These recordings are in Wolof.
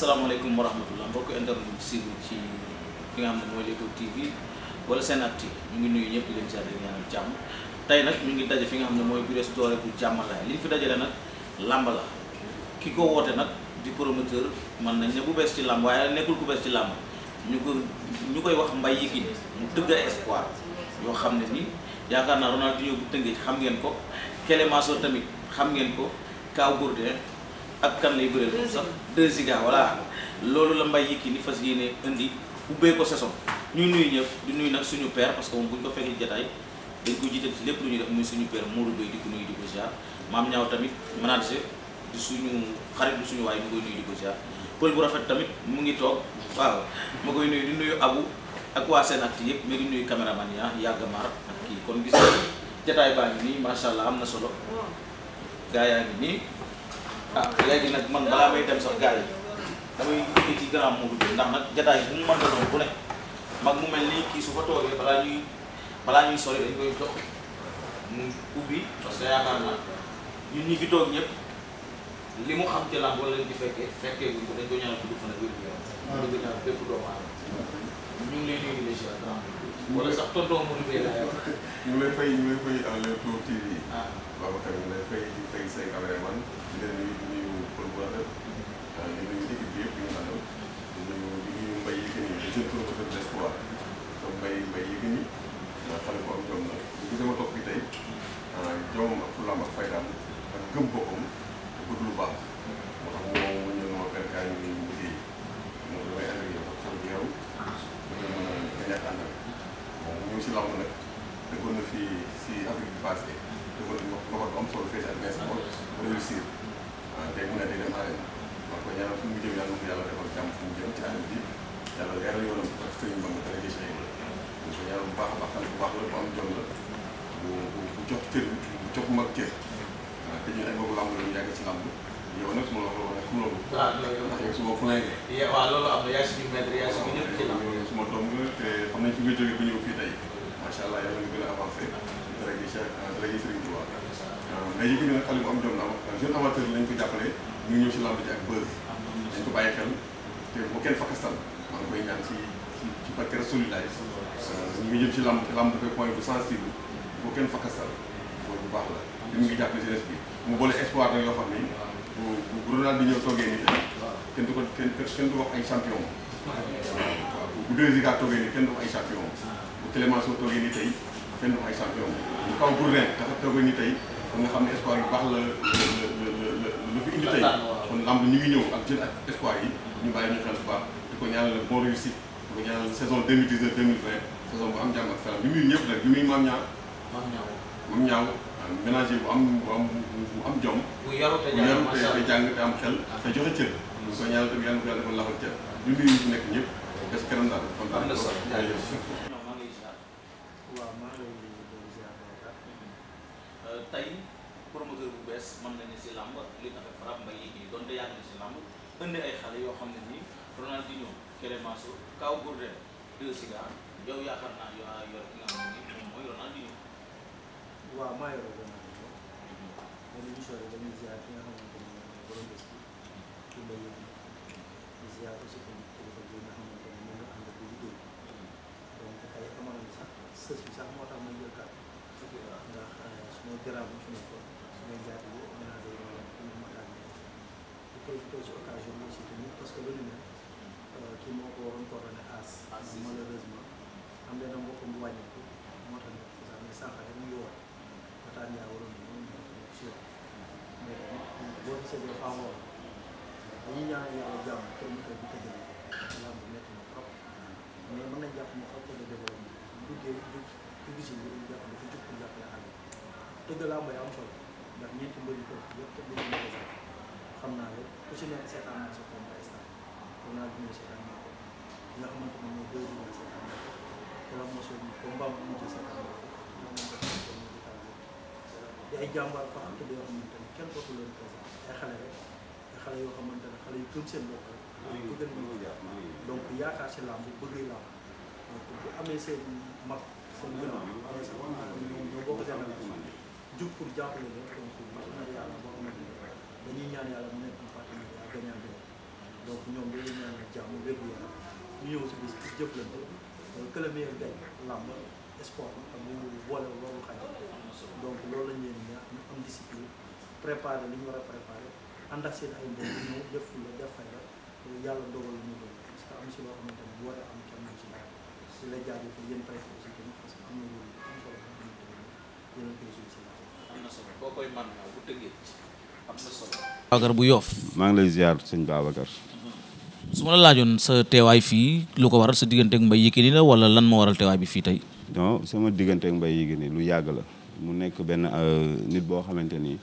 asalaamaaleykum wa rahmatullah mbokk internet bi siiw ci fi nga xam ne mooy Leewtoo TV wala seen acti mu ngi nuyu ñëpp di leen seet di ñaanal jàmm tey nag ñu ngi daje fi nga xam ne mooy Biré Doré bu jàmmalaay li ñu fi dajale nag làmb la ki ko woote nag di promoteur mën nañ ne bu bees ci làmb waaye nekkul ku bees ci làmb ñu ko ñu koy wax mbay Mbaye Yékini mu tëgg espoir yoo xam ne nii yaakaar naa Ronaldinho bu tëngee xam ngeen ko Clémenceau xam ngeen ko Kaw Gourdin ak kan lay bëreel moom sax 2 Ziga voilà loolu la mbay kii Yékini fas yéene indi ubbee ko saison ñu nuyu ñëpp di nuyu nag suñu per parce que moom bu ñu ko fekkee jotaay dañ ko jiital lépp lu ñuy def muy suñu père Modou Bay di ko nuyu di ko ziar maam ñaaw tamit manager di suñu xarit di suñu waay mu koy nuyu ko ziar bu rafet tamit mu ngi toog waaw ma koy nuyu di nuyu abu ak waa seen yëpp mais di nuyu caméraman yàgg ah, maar ak kii kon gis jotaay baa ngi nii macha allah am na solo gaa yaa ngi nii ah léegi nag man balaa may dem sax gars yi damay uti ci grand Modou Lo ndax nag jotaay bu mu mën a doon bu ne mag mu mel nii kii su fa toogee balaa ñuy balaa ñuy sori dañ koy jox mu ubbi parce que yaakaar naa ñun ñi fi toog ñëpp li mu xam ci làmb wala di fekkee fekkee wuñ ko dañ ko ñaanal gudd fan ak wér gu yaram. ñu ngi lay nuyu la si grand wala sax tonton Modou Lo ñu ngi lay fay ñu ngi lay fay à Babacar ñu lay fay di fay say cameraman di leen nuyu di nuyu promoteur ah, di nuyu équipe bi yëpp ñu àndal di mu ñëw ma perkaay ñu liggéey a nga ñàkk àndal moom mu ñëw si làmb nag dëggoon na fii si Afrique bi passé defoon nañu wax waxoon am solo fee si àddina si moom réussir tey mu ne day dem arène wax ko ñaanal fu mu jëm yàlla ko yàlla defal jàmm fu mu jëm ci arène bi yàlla leeral yoonam ak sëriñ ba nga tëra gis ñu ko ñaanal bu baax a baax xale bu baax la bu am jom la bu bu jox cër bu jox mag cër te ñun ay boobu làmb la ñu yàgg ci làmb yow nag su ma la ko waxee loolu ndax yow su ma fulaay nga waaw loolu am na yaa suñu maître yaa suñu ñëpp ci làmb su ma doom nga te xam nañ fi nga jógee ba ñëw fii tey macha allah yàlla nga gën a avancé rek Cheikh rek Serigne Touba mais Yékini nag xale bu am jom la am jeune amateur lañ ko jàppale ñu ngi ñëw si lamb ji ak buzz dañ ko bàyyi xel te bu kenn fakastal maa ngi koy ñaan si ci barke Rasulullah euh, ñu ngi jëm si lamb te lamb dafay point bu sensible boo kenn fakastal loolu baax la te mu jàppale jeunesse bi mu boole espoir nag yoo xam bu bu Ronaldo bi ñëw toogee nii kenn du wax ay champion bu deux yi gaa nii tey kenn du ay champion bu kaw Gourdin dafa tëgg ni tey kon nga xam ne espoir yu baax la lu fi indi tey kon lamb ñu ngi ñëw ak jël ak espoir yi ñu bàyyi ñu xel bu baax di ko ñaanal bon réussite di ko ñaanal saison 2019 2020 saison bu am jàmm ak salaam bi muy ñëpp rek bi muy maam ñaaw maam bu am bu am bu am jom bu yarute te jàng te am xel te joxe cër ñu mm. ko ñaanal tamit bi muy nekk ñëpp des kanam daal kontaan tey promoteur bu bees mën nañu si làmb li nga xam Fra Mbaye yi donte yàgg na si làmb indi ay xale yoo xam ne nii Ronaldinho Clémenceau Kaw Gourdin deux cigares yow yaakaar naa yor yor ki nga xam ne nii moom mooy Ronaldinho. waaw maa yor Ronaldinho. moom émission bi dañuy ziar ki nga xamante ne moom borom bés bi ci mbay mi di ziar aussi tamit kilifa bi nga xamante ne moom la ànd ak liggéey donc ay amoon na sax sës bi sax moo garaaw bi fi nekkoon suñuy jaay bi ménager yi wala ñu mën a di profité ci occasion bi aussi tamit parce que loolu nag kii moo ko waroon coordonné as malheureusement am na dama bokkam bu wàññeeku moo tax nekk sax mais sànq rek mu ngi woon waxtaan yaa waroon ñu ñu nekk si yoon mais boo gisee doo faa woon dañuy ñaan yàlla jàmm kenn ko bi tëjee yàlla bu métti na trop mais mën nañ jàpp ne facteur de développement bu duggee ku gis yi ñu jàpp ne ku jub pour jàppale xale tëgg laa mooy am solo ndax ñeenti mbër yu toog yëpp tëgg nañu ko sax xam naa rek ku ci nekk seetaan naa sa combat instant xam naa dina seetaan naa ko li nga xamante ne mooy deux jours seetaan naa ko te la mos a ñu combat bu mujj seetaan naa ko moom lañ ko xam ko moom itam di ay jàmbaar faxante yoo xamante ne kenn dootu leen présenté ay xale rek ay xale yoo xamante ne xale yu gëm seen bopp rek bu gën donc yaakaar si làmb bëgg làmb donc bu amee seen mag seen gën a amee seen ñoom ñoo bokk seen jug pour jàppale la donc wax na yàlla boo xamante ne dañuy ñaan yàlla mu nekk en partenariat gagnant gagnant donc ñoom dañuy ñaan jàmm wér yàlla ñu ñëw si bis pour jëflante euh, que le meilleur gagne làmb sport am ak mu boole loolu xaj donc loolu lañ leen ñaan ñu am discipline préparer li ñu war a préparer ànd ak seen ay mbokk ñëw def fulla def fayda yàlla dogal la ñu doon parce que am si loo xamante ne bu war a am kenn ci si la jaajëfal yéen préfet aussi tamit parce que am na loolu am solo yéen a koy suñu si Babacar bu yoof maa ngi lay ziar sëñ Babacar su ma la laajoon sa teewaay fii lu ko waral sa diggante ak Mbaye la wala lan moo waral teewaay bi fii tey non sama diggante mbay Mbaye lu yàgg la mu nekk benn euh, nit boo xamante ni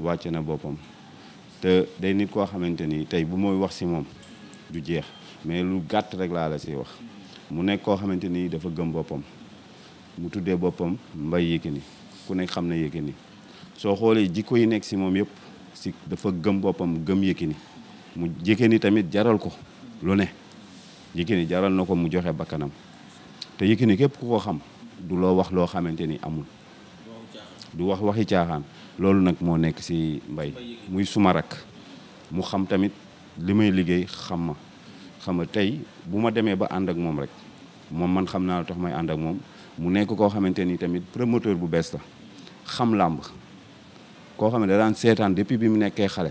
wàcce na boppam te day nit koo xamante ni tey bu mooy wax si moom du jeex mais lu gàtt rek laa la si wax mu nekk koo xamante ni dafa gëm boppam mu tuddee boppam Mbaye Yékini ku nekk xam na Yékini soo xoolee jikko yi nekk si moom yëpp si dafa gëm boppam gëm Yékini mu Yékini tamit jaral ko lu ne Yékini jaral na ko mu joxe bakkanam te Yékini képp ku ko xam du loo wax loo xamante ni amul du wax waxi caaxaan loolu nag moo nekk si mbay muy suma rak mu xam tamit li may liggéey xam ma xam nga tey bu ma demee ba ànd ak moom rek moom man xam naa lu tax may ànd ak moom mu nekk koo xamante ni tamit promoteur bu bees la xam làmb koo xam ne da daan seetaan depuis bi mu nekkee xale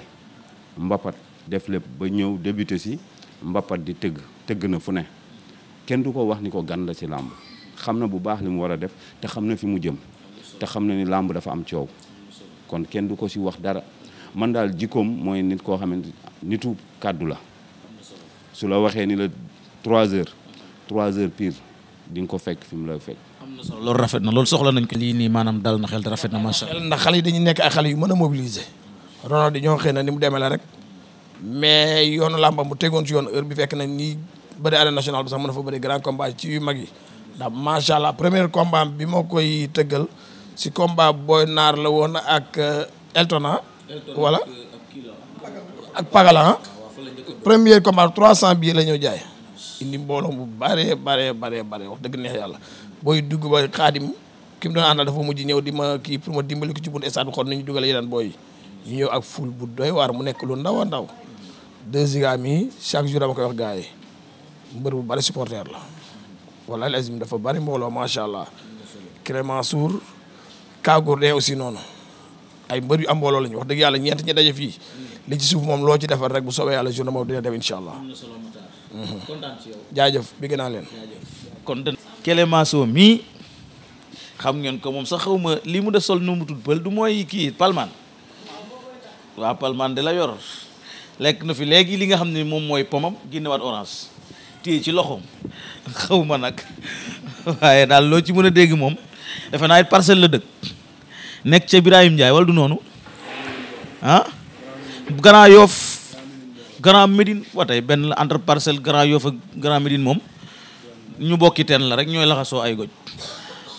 mbappat def lépp ba ñëw débuté si mbappat di tëgg tëgg na fu ne kenn du ko wax ni ko gan la si làmb xam na bu baax li mu war a def te xam na fi mu jëm te xam na ni làmb dafa am coow kon kenn du ko si wax dara man daal jikkoom mooy nit koo xamante nitu kàddu la su la waxee ni la trois heures trois heures pire di nga ko fekk fi mu la fekk am loolu rafet na loolu soxla nañ ko. lii nii maanaam dal na xel te rafet na macha allah. ndax xale yi dañuy nekk ay xale yu mën a mobiliser. Ronald ñoo xëy na ni mu demee la rek mais yoonu làmbam bu tegoon ci yoon heure bi fekk na nii bëri arène nationale bi sax yu mag yi ndax macha allah premier bi moo koy tëggal si combat booy naar la woon ak euh, Eltona. Ah? wala euh, ak Pagala ah? Ah, premier combat 300 billets la ñoo jaay. indi mbooloo bu bëree bëree bëree bëri wax dëgg neex yàlla. booy dugg ba xaadim ki mu doon àndal dafa mujj ñëw di ma kii pour ma dimbali ko ci bunt stade bi xool ni ñu dugal yeneen booy ñu ñëw ak ful bu doy waar mu nekk lu ndaw a ndaw deux Ziga mi chaque jour dama koy wax gars yi mbër bu bari supporter la wala lazim dafa bari mbooloo macha allah Crémensour Kaagour de aussi noonu ay mbër yu am mbooloo lañu wax dëgg yàlla ñeent ñi daje fii li ci moom loo ci defar rek bu soobee yàlla journée boobu dina dem incha allah. bi mhm. gën naa leen. Clémenceau mii xam ngeen ko moom sax xaw ma lii mu def sol nu mu tudd pël du mooy kii palmaan waa palmaan de la yor lekk na fi léegi li nga xam ne moom mooy pomam génnewaat orange téye ci loxoom xawma nag waaye daal loo ci mën a dégg moom defe naa it parcelle la dëkk nekk ca Birahim Ndiaye wala du noonu ah Grand Yoff Grand Médine wa benn la entre parcelle Grand Yoff ak Grand Médine moom ñu bokki teen la rek ñooy laxasoo ay goj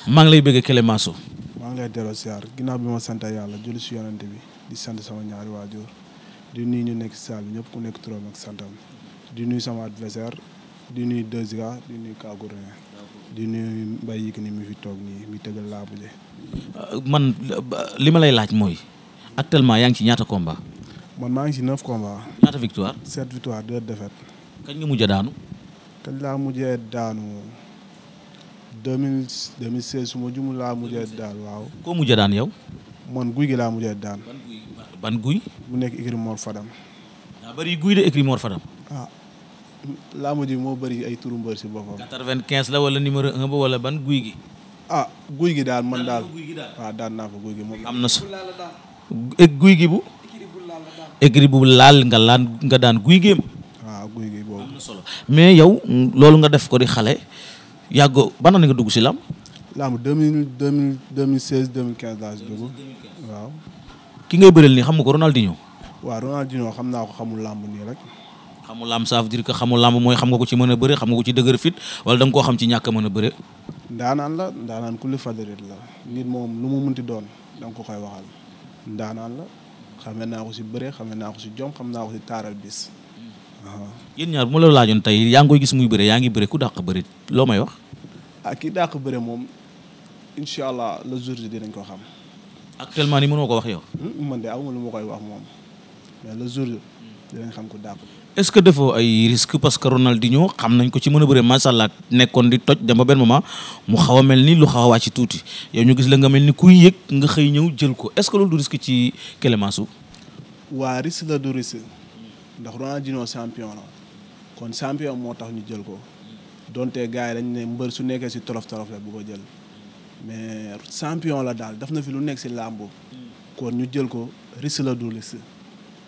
maa ngi lay bëgg Clémenceau maa ngi lay delloo siyaar ginnaaw bi ma sant yàlla julli si yonante bi di sant sama ñaari waajur di nuyu ñu nekk saal bi ñëpp ku nekk turam ak santam di nuyu sama adversaire di nuy Deuxiga di nuyu Kagourin di nuyu Mbaye Yékini mi fi toog nii mi tëggal laabule euh, man li ma lay laaj mooy actuellement yaa ngi ci ñaata combat man maa ngi ci neuf combat ñaata victoire sept victoire deux défaites kañ nga mujj daanu kañ laa mujjee daanu 2000 2016 su ma jumul laa mujjee daan waaw. koo mujjee daan yow. man guy gi laa mujjee daan. ban guy ban bu nekk écurie Mor Fadam. daa bëri guy de écurie ah, moo bari ay turu mbër si boppam. 95 la wala numéro 1 ba ban guy gi. ah guy gi daal man daal waaw ah, daan naa fa guy gi moom. am na su guy gi bu. écurie bu laal nga laan nga daan guy géem. mais yow loolu nga def ko di xale yàgg ban na nga dugg si lam lamb deux mille deux mille deux mille seize deux mille quinze laa si dugg waaw. ki ngay bëreel nii xam nga ko Ronaldinho. waaw Ronaldinho xam naa ko xamul lamb nii rek. xamul lamb ça veut dire que xamul lamb mooy xam nga ko ci mën a bëri xam nga ko ci dëgër fit wala da nga koo xam ci ñàkk a mën a bëre. ndaanaan la ndaanaan ku li fadarit la nit moom lu mu munti doon da nga ko koy waxal ndaanaan la xame naa ko si bëre xame naa ko si jom xam naa ko si taaral bis mm. waaw. yéen ñaar bu ma la laajoon tey yaa ngi koy gis muy bëre yaa ngi bëre ku dàq bëre loo may wax. ah ki dàq bëre moom incha allah le jour ji dinañ ko xam. actuellement ni mënoo ko wax yow. Hmm, man de amuma lu ma koy wax moom le jour dinañ xam ko dàq. est-ce que defoo ay risque parce que Ronaldinho xam nañ ko ci mën a bëre macha nekkoon di toj dem ba benn moment mu xaw a mel ni lu xaw a wàcc tuuti yow ñu gis la nga mel ni kuy yëg nga xëy ñëw jël ko est-ce que loolu du risque ci Clémenceau. waa risque la du risque ndax kon champion moo tax ñu jël ko donte gars yi dañ ne mbër su nekkee si tolof tolof la bu ko jël mais champion la daal daf na fi lu nekk si làmb kon ñu jël ko risque la du risque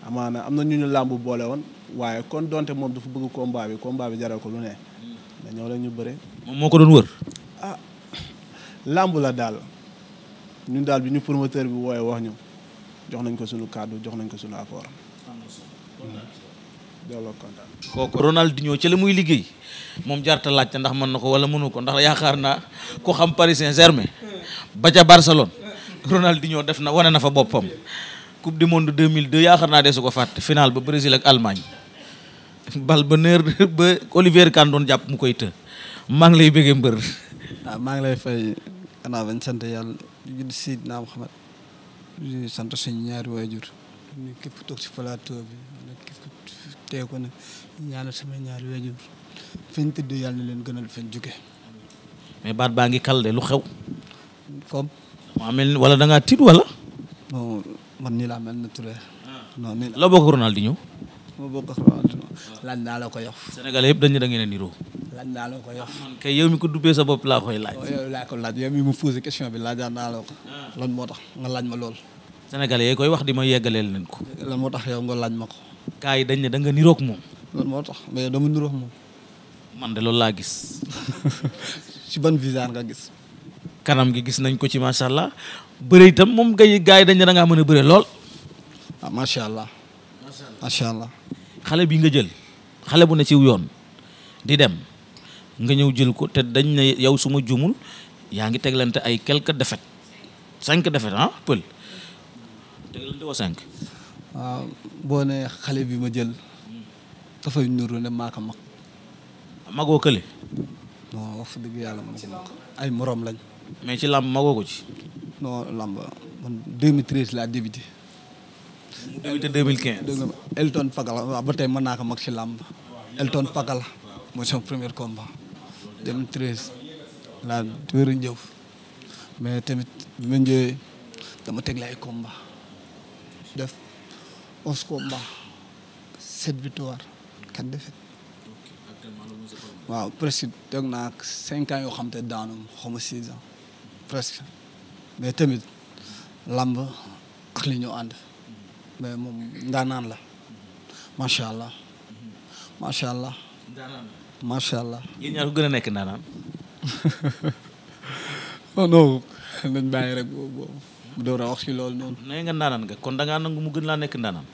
amaana am na ñu ñu làmb boole woon waaye kon donte moom dafa bëgg combat bi combat bi jaral ko lu ne da ñëw rek ñu bëre. moom moo ko doon wër. ah làmb la daal ñun daal bi ñu promoteur bi wooye wax ñu jox nañ ko suñu kàddu jox nañ ko suñu accord. delloo kontaan kooku Ronaldinho ca la muy liggéey moom jarta laajte ndax mën na ko wala mënu ko ndax yaakaar naa ku xam Paris Saint-Germain ba ca Barcelone Ronaldinho def na wane na fa boppam coupe du monde 2002 yaakaar naa dee su ko fàtte final ba Brésil ak Allemagne bal ba neer ba Olivier Kahn doon jàpp mu koy të maa lay bëggee mbër waaw ah, maa ngi lay fay xanaa bañ sant yàlla judi Seydina Muhammad sant suñu ñaari waajur ñu képp tee ko nag ñaanal sama ñaari waajur fañ tëdd yàlla na leen gënal fañ jóge mais baat baa ngi kal lu xew comme maa mel wala da ngaa tiit wala man nii laa mel na Touré non nii la bokk Ronaldinho ma bokk Ronaldinho laaj naa la ko yof sénégalais yëpp dañu da ngeen a niroo laaj naa la ko yof man kay yow mi ko dubbee sa bopp laa koy laaj oh, yow laa ko laaj mi mu posé question bi laajaan naa la ko ah. lan moo tax nga laaj ma lool sénégalais yee koy wax di ma yeggaleel leen ko lan moo tax yow nga laaj ma ko gaa yi dañ ne da nga niroog moom. moo tax mais dama niroog moom. man de loolu laa gis. ci ban visage nga gis. kanam gi gis nañ ko ci macha allah bëre itam moom gay gaa yi dañ ne da mën a bëre lool. Ah, macha allah. macha allah xale bi nga jël xale bu ne ci yoon di dem nga ñëw jël ko te dañ ne yow suma jumul yaa ngi teglante ay quelques defet cinq défaites ah pël teglante wa cinq waaw boo ne xale bi ma jël dafay nuru ne maa ko mag magoo kële non wax dëgg yàlla man ay moroom lañ mais ci làmb magoo ko ci non làmb man 2013 laa débuté mu Elton Pakala waaw ba tey mën naa ko mag ci làmb Elton Pakala mooy son premier combat 2013 laa wéru mais tamit bi ma ñëwee dama teg la 11 combats 7 victoires waaw presque toog naa cinq ans yoo xam te daanu xaw ma presque mais tamit làmb ak li ñu ànd mais moom ndaanaan la macha allah macha allah. macha allah. yéen ñaar ko gën a nekk ndaanaan. non non nañ rek boobu boobu. door a wax ci loolu noonu. nee nga ndaanaan nga kon da ngaa mu gën laa nekk ndaanaan.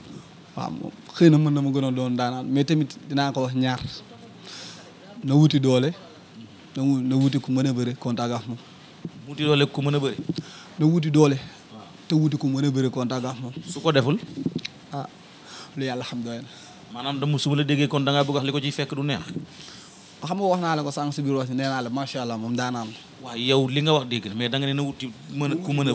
waaw moom xëy na mën na ma gën a doon daanaan mais tamit dinaa ko wax ñaar na wuti doole na na wuti ku mën a bëre contact ak moom. wuti doole ku mën a bëre. na wuti doole. te wuti ku mën a bëre contact ak moom. su ko deful. ah lu yàlla xam doy na. maanaam dama su ma la déggee kon da ngaa bëgg wax li ko ciy fekk du neex. xam nga wax naa la ko sànq si biir wax nee naa la macha allah moom daanaan. waaw yow li nga wax dégg na mais da nga ne na wuti mën a ku mën a.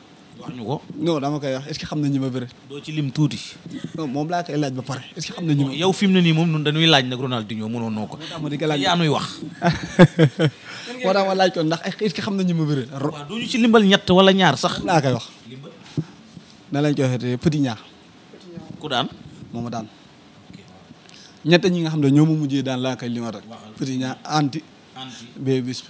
wax ñu ko. non dama koy wax est-ce xam na ñi ma bëre. doo ci lim tuuti. non moom laa koy laaj ba pare est-ce xam na ñi ma. yow fi mu ne nii moom ñun dañuy laaj nag Ronaldinho mënoon noo ko. yaa nuy wax. moo tax ma laaj ko ndax est-ce xam na ñi ma bëre. waaw doo ñu ci limbal ñett wala ñaar sax. laa koy wax. na lañ koy waxee petit ñaar. ku daan. daan. ñett ñi nga xam ne ñoo ma mujjee daan laa koy limal rek. petit ñaar anti. bee bis.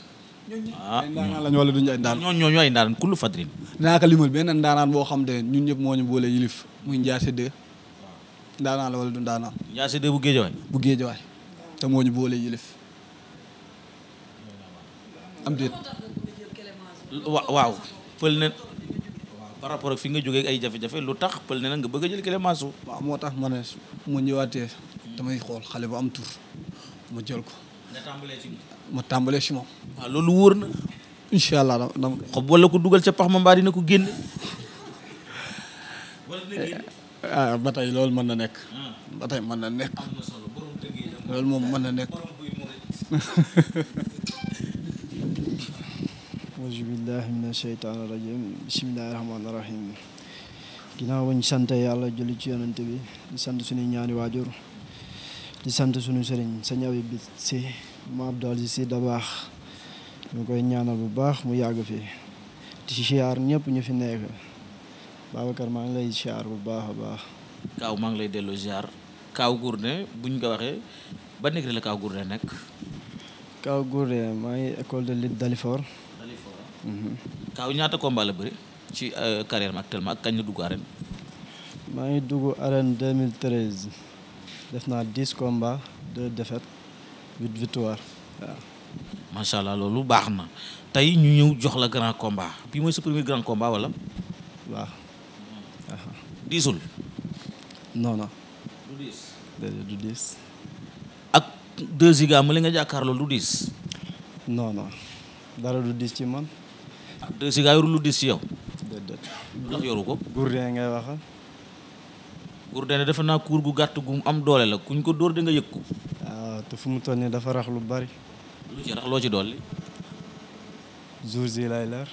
ah ndaanaan lañ wala duñu ay ndaan ñoo ñoo ay ndaan kullu fadrin dinaa limal benn ndaanaan boo xam te ñun ñëpp moo ñu boole yilif muy Ndiassé 2 ndaanaan la wala du ndaanaan Ndiassé 2 bu géejawaay bu géejawaay te moo ñu boole yilif am déet waaw pël ne par rapport fi nga jógee ay jafe-jafe lu tax pël ne na nga bëgg a jël Clémenceau waaw moo tax ma ne mu ñëwaatee damay xool xale bu am tur mu jël ko ma tàmbalee ci moom. waaw loolu wóor na. incha allah dama xob wala ko dugal ca pax ma mbaa dina ko génne. Eh, ah ba tey loolu mën na nekk. Hmm. ba tey mën na nekk. loolu moom mën na nekk. auzu billahi mina sheytaani rajim bismillahi rahmaani rahim yàlla julli ci yonante bi di sant suñuy ñaani waajur di sant suñu sëriñ sëñ Habib si ma Abdou Aziz si baax ñu koy ñaana bu baax mu yàgg fi di siyaar ñëpp ñu fi nekk Babacar maa ngi lay siyaar bu baax a baax. kaw maa ngi lay delloo siyaar Kaaw Gourdin buñ ko waxee ban écurie la Kaaw Gourdin nekk. Kaaw maa ngi école de lutte Dalifort. Dalifort. Ah. Mhm. ñaata combat la bëri ci euh, carrière am actuellement ak kañ la dugg arène. maa ngi dugg arène def naa dix combats deux défaites huit victoire waaw. macha allah loolu baax na tey ñu ñëw jox la grand combat bi mooy sa premier grand combat wala. diisul. non du diis. ak deux Ziga ma li nga jàkkaarloo du diis. non non dara du diis ci man. ah yoru lu diis ci yow. déedéet. ndax yoru ko. Gourdin ngay waxal. Gourdin defe naa kuur gu gàtt gu am doole la kuñ ko dóor di nga yëg ko. waaw ah, te fu mu toll nii dafa rax lu bari. lu ci loo ci dolli. jours yi lay leer.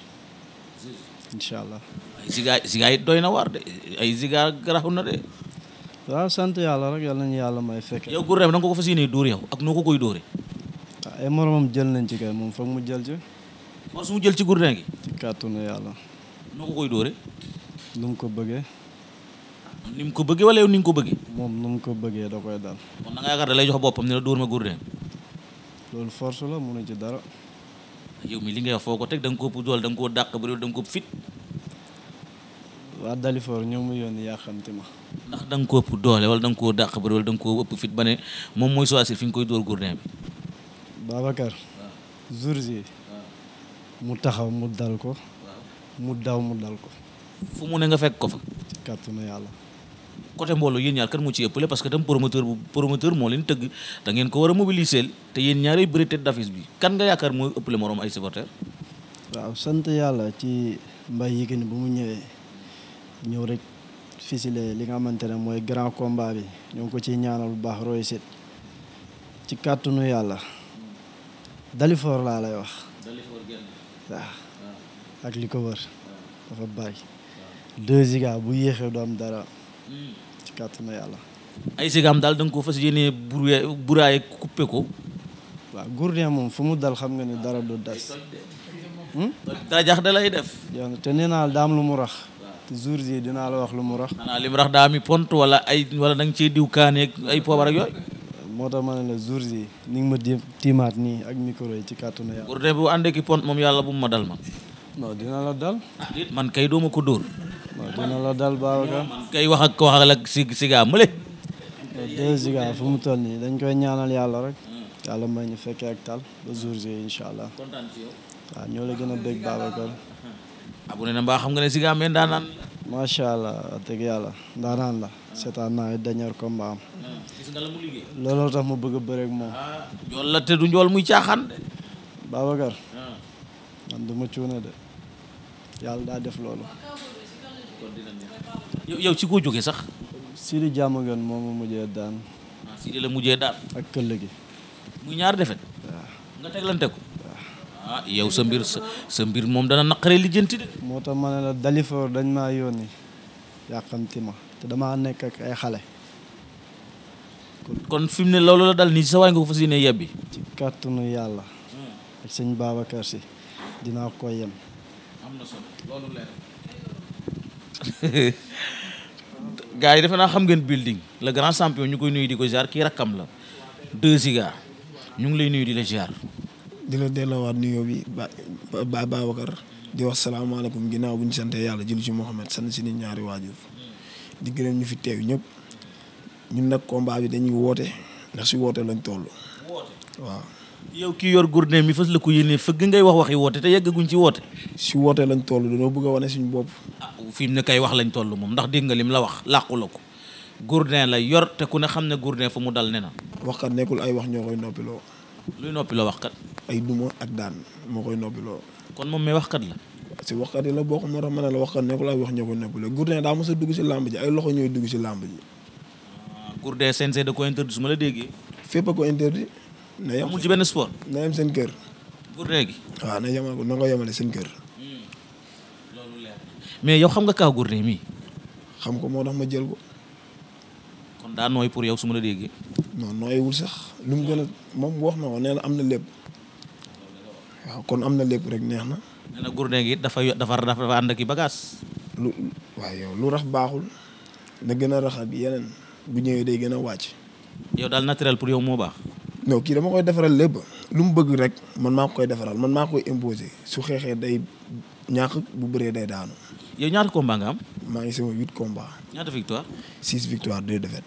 incha allah. na waar de ay na de. waaw sant yàlla rek yal nañu yàlla may fekke yow Gourdin na nga ko fas yéenee dóor yaw ak noo ko koy dóoree. Ah, ay moromam jël nañ ci kay moom foog mu jël ci. moom su mu jël ci Gourdin gi. kàttanu yàlla. noo ko koy dóoree. nu mu ko bëggee. ni mu ko bëggee wala yow ni nga ko bëggee. moom nu mu ko bëggee da koy daan. kon da nga yaakaar da lay jox boppam ne la dóor ma gurdeen. loolu force la mënu ci dara. yow mi li ngay foo ko teg da nga ko ëpp doole koo dàq bëri da ko ëpp fit. waa Dalifor ñoo mu yónni yàqante ma. ndax da nga ko ëpp doole wala da nga koo dàq bëri wala da nga koo ëpp fit ba ne moom mooy choisir fi nga koy dóor gurdeen bi. Babacar. jour yi mu taxaw mu dal ko. mu daw mu dal ko. fu mu ne nga fekk ko fa. kàttu na yàlla. côté mbooloo yéen ñaar kan moo ci ëppale parce que tam promoteur bu promoteur moo leen tëgg da ko war a mobiliser te yéen ñaar bëri tête bi kan nga yaakaar mooy ëppale moroom ay supporter waaw sant yàlla ci mbay Yékini bu mu ñëwee ñëw rek fisile li nga xamante ne mooy grand combat bi ñoo ngi ko ci ñaanal bu baax réussite ci kàttanu yàlla Dalifor laa lay wax waaw ak li ko wër dafa bari deux bu yéexee du dara ci kàttanu yàlla. ay sigaam daal da nga ko fas yéenee buree buraaye coupé ko. waaw gourdin moom fu mu dal xam nga ni dara du des. Hmm? dara jax da lay def. te nee naa daam lu mu rax. te jours yi dinaa la wax lu mu rax. maanaam li mu rax daa mi pont wala ay wala danga nga diw kaane ay poobar ak yooyu. moo tax ma ne la jours yi ni nga ma di tiimaat nii ak micro yi ci kàttanu yàlla. gourdin moom yàlla bu ma dal ma. dina la dal. Ah, man kay doo ma ko dóor. waaw dina la dal Babacar. kay wax a ko waxal ak si siga mële. deux fu mu nii dañ koy ñaanal yàlla rek. yàlla may ñu fekkee ak tal ba jour J incha allah. waaw ñoo la gën a bég Babacar. ne na mbaa xam nga ne siga meen daanaan. macha allah dëgg yàlla daanaan la. seetaan naa ay dernier combat looloo tax mu bëgg a bëreeg moom. Ah, njool la te du njool muy caaxaan. Babacar. Ah. man du ma de yàlla daa def loolu. yow ci koo jógee sax. Sidi Diamaguène moom mu mujjee daan. ah Sidi la mujjee daan. ak këll gi. muy ñaar defet nga teglante ko. Ah, yow sa mbir sa mbir moom dana naqaree lijjanti de. moo tax ma ne la Dalifor dañ maa yónni yàqamti ma te dama nekk ak ay xale. kon fi mu ne loolu la dal nii sa waay nga ko fas yéene yebbi. ci kàttanu yàlla. Hmm. ak sëñ Babacar si dinaa ko yem. gaa yi defe naa xam ngeen building la grand champion ñu koy nuyu di ko ziar kii rakkam la deux Ziga ñu ngi lay nuyu di la ziar. di la delloowaat nuyoo bi ba ba Babacar di wax salaamaaleykum ginnaaw bu ñu sante yàlla jël ci Mouhamed sant si ni ñaari waajur di gërëm ñu fi teew ñëpp ñun nag combat bi dañuy woote ndax si woote lañ toll waaw. yow kii yor gourné mi fas la ko yéene fëgg ngay wax waxi woote te yeggaguñ ci woote. si woote lañ toll dañoo bëgg a wane suñu bopp. ah fi mu ne ay wax lañ toll moom ndax dégg nga lim la wax làqu la ko gourné la yor te ku ne xam ne gourné fa mu dal ne wax waxkat nekkul ay wax ñoo koy noppiloo. luy noppiloo waxkat. ay duma ak daan moo koy noppiloo. kon moom mi waxkat la. si waxkat yi la bokk moo tax ma ne la waxkat nekkul ay wax ñoo koy noppiloo gourné daa mos dugg si làmb ji ay loxo ñooy dugg si làmb ji. Ah, gourné CNG da ko interdit su ma la déggee. fépp a ko na yem ci benn sport. na yem seen kër. gourné gi. waaw na yemal na ko yemale seen kër. Hmm. loolu mais yow xam nga kaa gourné mi. xam ko moo dax ma jël ko. kon daa nooy pour yow su ma la déggee. non nooyewul sax lu mu gën a moom wax na ko nee am na lépp. waaw kon am na lépp rek neex na. nee na gi dafa dafa dafa ànd ak i lu waaw yow lu rax baaxul. na gën a raxal yeneen bu ñëwee day gën a wàcc. yow daal naturel pour yow moo baax. non kii dama koy defaral lépp lu mu bëgg rek man maa koy defaral man maa koy imposer su xeexee day ñàkk bu bëree day daanu. yow ñaata combat am. maa ngi sama huit combat. ñaata victoire. six victoire deux défaites.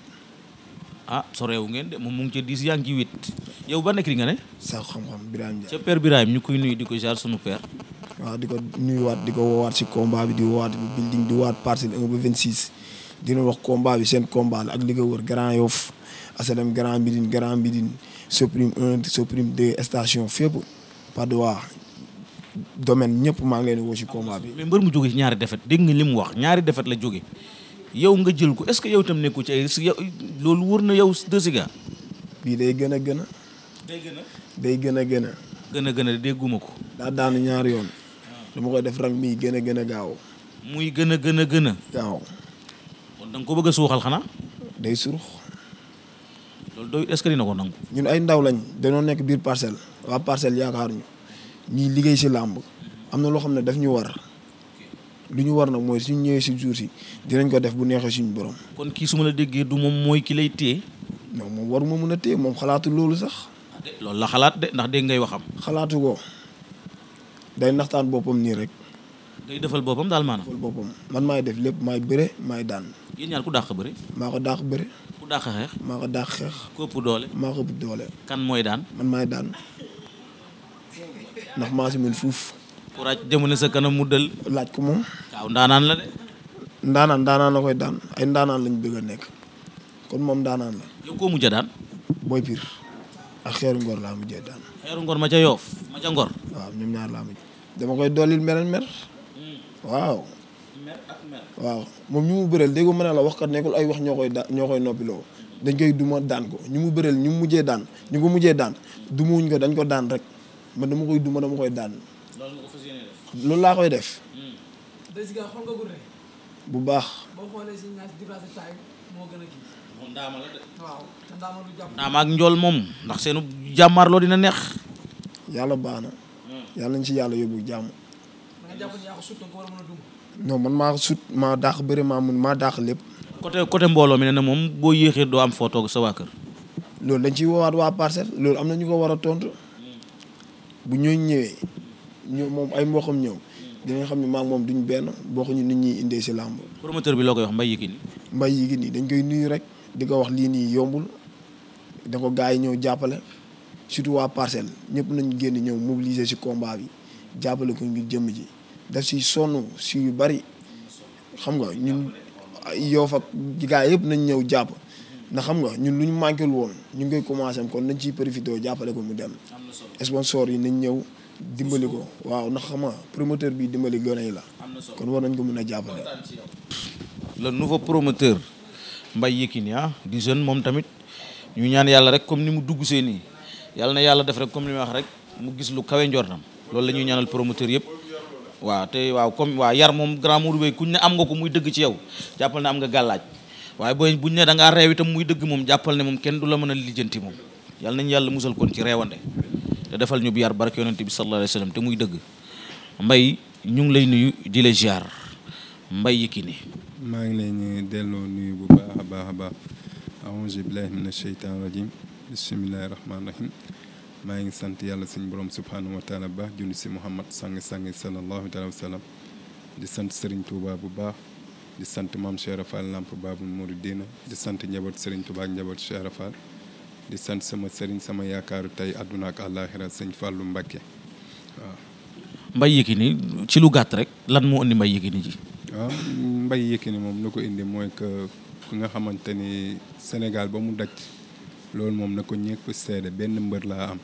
Ah, de moom mu ngi ca dix yaa ngi ci huit yow ban écrit nga ne. sax xam-xam Birame Ndiaye. ca père Birame ñu koy nuyu di ko jaar sunu père. waaw di ko nuyuwaat di ko woowaat si combat di woowaat bi building di woowaat parcelle un ba vingt six dina wax combat seen combat ak li ko wër Grand Yoff asadam Grand Médine Grand Médine. Soprim 1 Soprim 2 station fépp Patte domaine ñëpp maa ngi leen woo ci combat bi. mais mbër mu jóge ci ñaari defet dégg nga li mu wax ñaari defet la jóge yow nga jël ko est-ce que yow tam nekku ci ay risques yow loolu wër na yow deux Siga. bii day gën a gën a. day gën day gën a gën a. gën a gën a dégguma ko. daa daanu ñaari yoon. dama koy def rang mii gën a gën a gaaw. muy gën a gën a gën a. gaaw. kon ko bëgg suuxal xanaa. day surux. loolu doy est-ce que dina ko nangu. ñun ay ndaw lañ dañoo nekk biir parcelle waa parcelle yaakaar ñu ñuy liggéey si làmb am na loo xam ne daf ñu war lu ñu war nag mooy suñ ñëwee si jour si dinañ ko def bu neexee suñu borom. kon kii su ma la déggee du moom mooy ki lay téye. non moom waruma mën a téye moom xalaatu loolu sax. Ah, loolu la xalaat de ndax dégg ngay waxam. xalaatu ko day naxtaan boppam nii rek. day defal boppam daal maanaam. defal boppam man maay def lépp maay bëre maay daan. yéen ku dàq bëre. maa ko dàq dàq xeex. maa ko dàq xeex. ko doole. maa ko ëpp doole. kan mooy daan. man maay daan ndax maa si fuuf. ku raaj jëmale sa kanam mu dël. laaj ko moom. waaw ndaanaan la de. ndaanaan ndaanaan la koy daan ay ndaanaan lañ bëgg a nekk kon moom ndaanaan la. yow koo mujj a daan. booy pir ak xeeru ngor laa mujjee daan. xeeru ngor ma yoof ma ngor. waaw ñoom ñaar laa mujj. dama koy dollil meren mer. Hmm. waaw. waaw moom ñu mu bëreel dégg ma ne la waxkat nekkul ay wax ñoo koy daan ñoo koy noppiloo dañ koy duma daan ko ñu mu bareel ñu mu mujjee daan ñu ko mujjee daan dumuwuñ ko dañ ko daan rek man dama koy duma dama koy daan. loolu laa koy def. Hmm. bu baax. ndaama ak njool moom ndax seenu jàmmaarloo dina neex. yàlla baax na. Hmm. yàlla nañ ci yàlla yóbbu jàmm. non man maa sut maa dàq bëri maa mun maa daax lépp. côté côté mbooloo mi ne na moom boo yéexee doo am foo toog sa waa kër. loolu dañ ciy woowaat waa parcel loolu am na ñu ko war a tontu bu ñooñ ñëwee ñoom moom ay mboqam ñëw dinañ xam ne maa moom duñ benn bokkuñu nit ñi indee si làmb. promoteur bi loo koy wax Mbaye Yékini. Mbaye Yékini dañ koy nuyu rek di ko wax lii nii yombul da ko gars yi ñëw jàppale surtout waa parcelle ñëpp nañ génn ñëw mobiliser si kombaa bi jàppale ko ngir jëmm ji. daf si sonn si yu bari xam nga ñun yoo fa gaa yëpp nañ ñëw jàpp ndax xam nga ñun lu ñu manqué woon ñu ngi koy commencé am kon nañ ciy profité jàppale ko mu dem sponsor yi nañ ñëw dimbali ko waaw ndax xam nga promoteur bi dimbali gone yi la kon war nañ ko mën a jàppale. le nouveau promoteur Mbaye Yékini ah di jeune moom tamit ñu ñaan yàlla rek comme ni mu dugg see nii yàlla na yàlla def rek comme li ma wax rek mu gis lu kawe njortam loolu la ñuy ñaanal promoteur yëpp. waaw te waaw comme waa yar moom grand Modou Bey kuñ ne am nga ko muy dëgg ci yow jàppal ne am nga gàllaaj waaye booy buñ ne da ngaa reew itam muy dëgg moom jàppal ne moom kenn du la mën a lijjanti moom yàlla nañu yàlla musal kon ci reewande te defal ñu bi yar barke yonente bi sallallahu alayhi te muy dëgg mbay ñu ngi lay nuyu di la ziar mbay Yékini maa ngi lay ñu delloo nuyu bu baax a baax a baax aouzu billahi mina sheytan rajim bismillahi rahmani rahim maa ngi sant yàlla suñu borom subhaanahu wa taala bu baax junni si Muhammad sang-sang sallallahu taala wa sallam di sant Serigne Touba bu baax di sant maam Cheikh Rafal Lamp Babul Mouridina di sant njaboot sëriñ Touba ak njaboot Cheikh di sant sama Serigne sama yaakaaru tey àdduna ak àllaaxira sëñ Fallou Mbacké mbay Mbaye ni ci lu gàtt rek lan moo indi Mbaye Yékini ji. Ah, moom lu ko indi mooy que ku nga xamante ni Sénégal ba mu daj. loolu moom na ko ñëpp seede benn mbër laa am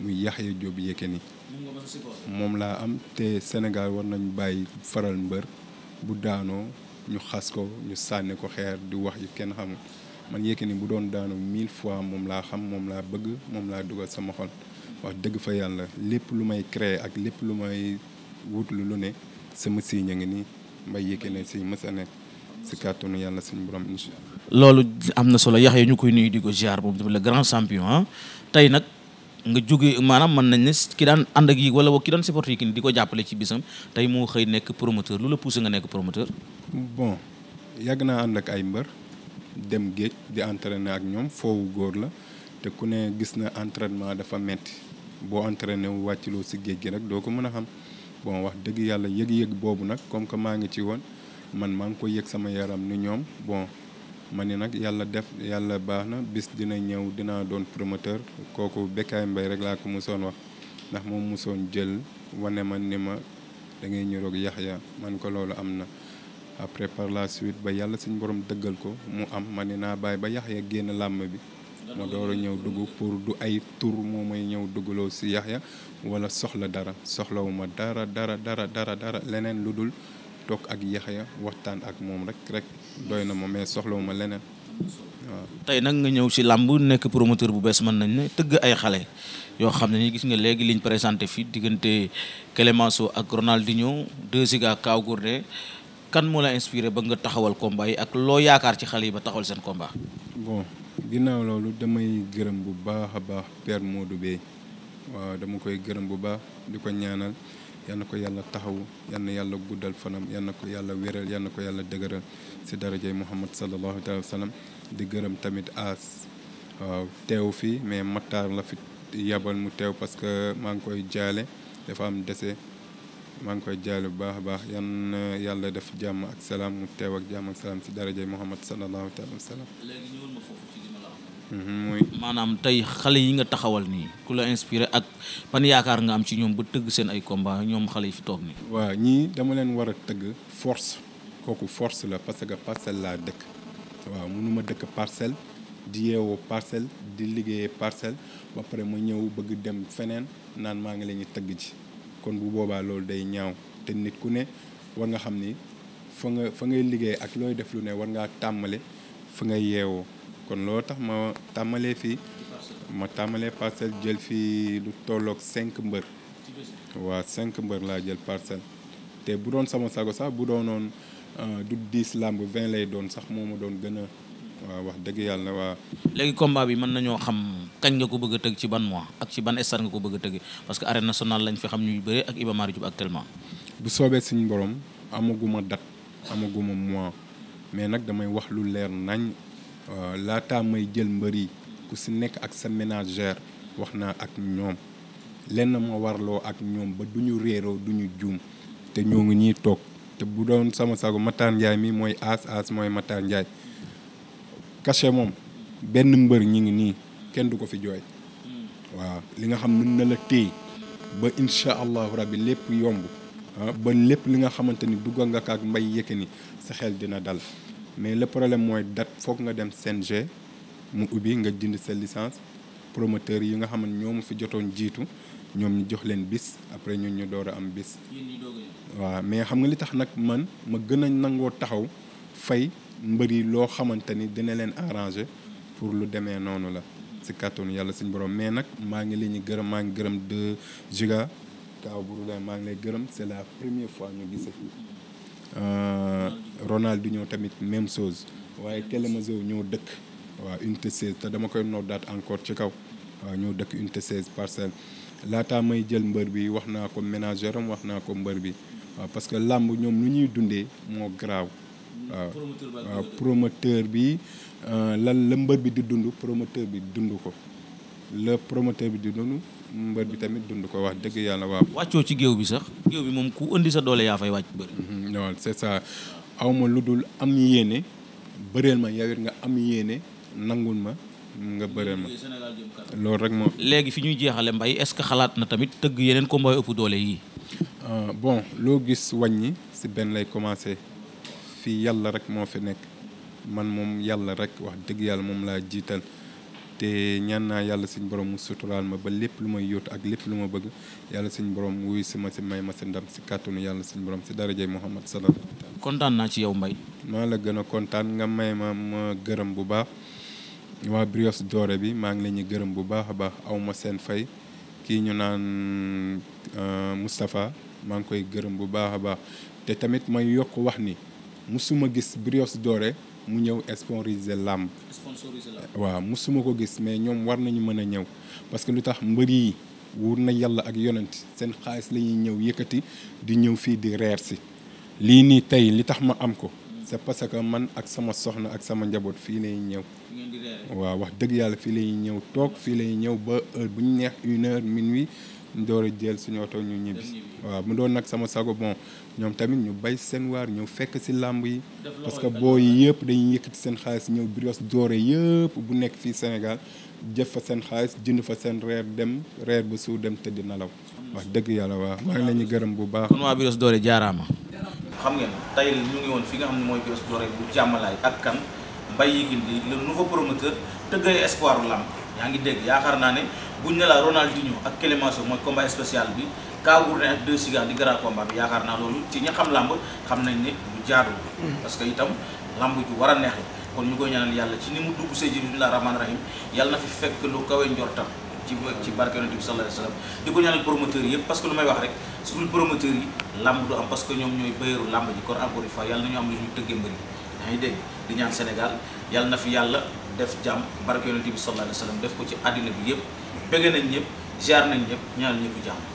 muy Yaxya Jóob ni moom laa am te Sénégal war nañu bàyyi faral mbër bu daanoo ñu xas ko ñu sànni ko xeer di wax yi kenn xamul man ni bu doon daanoo mille fois moom laa xam moom laa bëgg moom laa dugal sama xol wax dëgg fa yàlla lépp lu may créer ak lépp lu may wutlu lu ne sama siiñ a ngi nii mbay ne si mës nekk si kàttanu yàlla suñu borom incha loolu am na solo yax ya ñu koy nuyu di ko ziar boobu tamit le grand champion ah. tey nag nga jóge maanaam mën nañ ne ki daan ànd ak yi wala ki daan supporter yi ki ni di ko jàppale ci bisam tey moo xëy nekk promoteur lu la poussé nga nekk promoteur bon yàgg naa ànd ak ay mbër dem géej di entraîné ak ñoom foowu góor la te ku ne gis na entraînement dafa metti boo entraîné wu wàcciloo si géej gi rek doo ko mën a xam bon wax dëgg yàlla yëg-yëg boobu nag comme que maa ngi ci woon man maa ngi ko yëg sama yaram ni ñoom bon ma ni nag yàlla def yàlla baax na bis dina ñëw dinaa doon promoteur kooku Bécaye mbay rek laa ko musoon wax ndax moom musoon jël wane man ni ma da ngay ñëroog Yaxya man ko loolu am na après par la suite ba yàlla suñ borom dëggal ko mu am ma ni naa bàyyi ba Yaxya génn làmb bi ma door a ñëw dugg pour du ay tur moo may ñëw duggaloo si ya wala soxla dara soxlawuma dara dara dara dara dara leneen lu dul toog ak ya waxtaan ak moom rek rek doy na ma mais soxlawu ma leneen waaw. tey nag nga ñëw si làmb nekk promoteur bu bees mën nañ ne tëgg ay xale yoo xam ne ni gis nga léegi liñ présenté fii diggante Clémenceau ak Ronaldinho deux Ziga Kaw Gourdin kan moo la inspiré ba nga taxawal combat yi ak loo yaakaar ci xale yi ba taxawal seen combat. bon ginnaaw loolu damay gërëm bu baax a baax Père Modou Bey waaw dama koy gërëm bu baax di ko ñaanal. yal na ko yàlla taxaw yal na yàlla guddal fanam yal na ko yàlla wéral yal na ko yàlla dëgëral si darajay Muhammad sallallahu alayhi wa sallam di gërëm tamit aas waaw teew fii mais Matar la fi yabal mu teew parce que maa ngi koy jaale dafa am dese maa ngi koy jaale bu baax a baax yan yàlla def jàmm ak salaam mu teew ak jàmm ak salaam si darajay Muhammad sallallahu alayhi wa sallam. mooy maanaam tey xale yi nga taxawal nii ku la inspiré ak pan yaakaar nga am ci ñoom ba tëgg seen ay combat ñoom xale yi fi toog nii. waa ñii dama leen war a tëgg force kooku force la parce que parcelle laa dëkk waaw mënuma dëkk parcelle di yeewoo parcelle di liggéeyee parcelle ba pare mu ñëw bëgg dem feneen naan maa ngi leen ñu tëgg ci kon bu boobaa loolu day ñaaw te nit ku ne war nga xam ni fa nga fa ngay liggéey ak looy def lu ne war ngaa tàmmale fa ngay yeewoo. kon loo tax ma tàmmalee fii ma tàmmalee parcelle jël fii lu tolloog cinq mbër waa cinq mbër laa jël parcelle te bu doon sama sago sax bu doonoon euh, du dix làmb vingt lay doon sax moo ma doon gën a wax dëgg yàlla waa. léegi combat bi mën nañoo xam kañ nga ko bëgg a tëgg ci ban mois ak ci ban stade nga ko bëgg a tëgg parce que arène nationale lañ fi xam ñuy bëre ak Iba Mar actuellement. bu soobee suñu borom amaguma date amaguma mois mais nag damay wax lu leer nañ. Euh, laataa may jël mbër yi ku si nekk ak sa ménagère wax naa ak ñoom lenn ma warloo ak ñoom ba duñu réeroo duñu juum te ñoo ngi ñuy toog te bu doon sama sago Matar Ndiaye mi mooy aas aas mooy Matar Ndiaye cachet moom benn mbër ñi ngi nii kenn du ko fi jooy waaw li nga xam mën na la téye ba incha allahu rabbi lépp yomb ah, ba lépp li nga xamante ni duggal nga ak mbay yëkk ni sa xel dina dal mais le problème mooy date foog nga dem CNG mu ubbi nga jind sa licence promoteur yi nga xam ñoo mu fi jotoon jiitu ñoom ñu jox leen bis après ñun ñu door a am bis. waaw mais xam nga li tax nag man ma gën a nangoo taxaw fay mbëri loo xamante ni dina leen arranger pour lu demee noonu la. si kàttanu yàlla suñu borom mais nag maa ngi leen ñu gërëm maa ngi gërëm de Giga Kaaw Bourdain maa ngi lay gërëm c'est la première fois ñu gisee. Euh, du ñëw tamit même chose waaye Télémazo ñoo dëkk waaw unité 16 te dama koy noddaat encore ci kaw waaw ñoo dëkk unité 16 parcelle laataa may jël mbër bi wax naa ko ménagère am wax naa ko mbër bi parce que làmb ñoom lu ñuy dundee moo garaaw waaw waaw promoteur bi euh, lan la mbër bi di dund promoteur bi dund ko le promoteur bi di dund mbër bi tamit dund ko wax dëgg yàlla waaw wàccoo ci géew bi sax géew bi moom ku indi sa doole yaa fay wàcc waaw c'est ça aw ma lu dul am yéene bëreel ma yow it nga am yéene nangul ma nga bëreel ma loolu rek moo. léegi fi ñuy jeexale mbay est-ce que xalaat na tamit tëgg yeneen ko combat ëpp doole yi. Euh, bon loo gis wàññi si benn lay commencer fii yàlla rek moo fi nekk man moom yàlla rek wax dëgg yàlla moom laa jiital. te ñaan naa yàlla suñ borom mu suturaal ma ba lépp lu may yóotu ak lépp lu ma bëgg yàlla suñ borom wuy si ma si may ma si ndam si kàttanu yàlla suñ borom si darajay Muhammad sallallahu alayhi wa kontaan naa ci yow mbay maa la gën a kontaan nga may ma gërëm bu baax waa Brioche Dorée bi maa ngi leen ñu gërëm bu baax a baax aw ma seen fay kii ñu naan euh, Moustapha maa ngi koy gërëm bu baax a baax te tamit may yokk wax ni mu suma gis Brioche doore mu ñëw sponsoriser làmb sponsoriser làmb waaw musuma ko gis mais ñoom war nañu mën a ñëw parce que lu tax mbër yi wuur na yàlla ak yonent seen xaalis lañuy ñëw yëkkati di ñëw fii di reer si lii nii tey li tax ma am ko c'est parce que man ak sama soxna ak sama njaboot fii lay ñëw waaw wax dëgg yàlla fii lay ñëw toog fii lañuy ñëw ba heure bu ñu neex une heure minuit door a jël suñu oto ñu ñibbi waaw mu doon nag sama sago bon ñoom tamit ñu bay seen waar ñëw fekk si làmb yi parce que booy yëpp dañuy yëkkati seen xaalis ñëw Brioche Dorée yëpp bu nekk fii senegal jëf fa seen xaalis jënd fa seen reer dem reer bu suur dem tëdd nalaw wax dëgg yàlla waa maa ngi leen gërëm bu baax kon waa Brioche Dorée jaaraama xam ngeen tey ñu ngi woon fi nga xam ne mooy Brioche Dorée bu jàmmalaay ak kan Mbaye Yékini di le nouveau promoteur tëggay espoir làmb yaa ngi dégg yaakaar naa ne buñ ne la bi Kaw Gourdin ak deux cigares di grand combat bi yaakaar naa loolu ci ñi xam làmb xam nañ ne lu jaadul mm-hmm. parce que itam làmb ju war a neex la kon ñu koy ñaanal yàlla ci ni mu dugg see ji bismillah rahmaan rahim yàlla na fi fekk lu kawe njortam ci ci barke yonent bi sallallahu alayhi wasallam di ko ñaanal promoteurs yi que lu may wax rek suñu promoteurs yi làmb du am parce que ñoom ñooy bayeeru làmb ji kon encore une fois yàlla na ñu am lu ñu tëggee mbër yi ñaan Sénégal yàlla na fi yàlla def jàmm barke yonent bi sallallahu alayhi wasallam def ko ci àddina bi yëpp bëgg nañ ñëpp jaar nañ ñëpp ñaanal ñëpp jàmm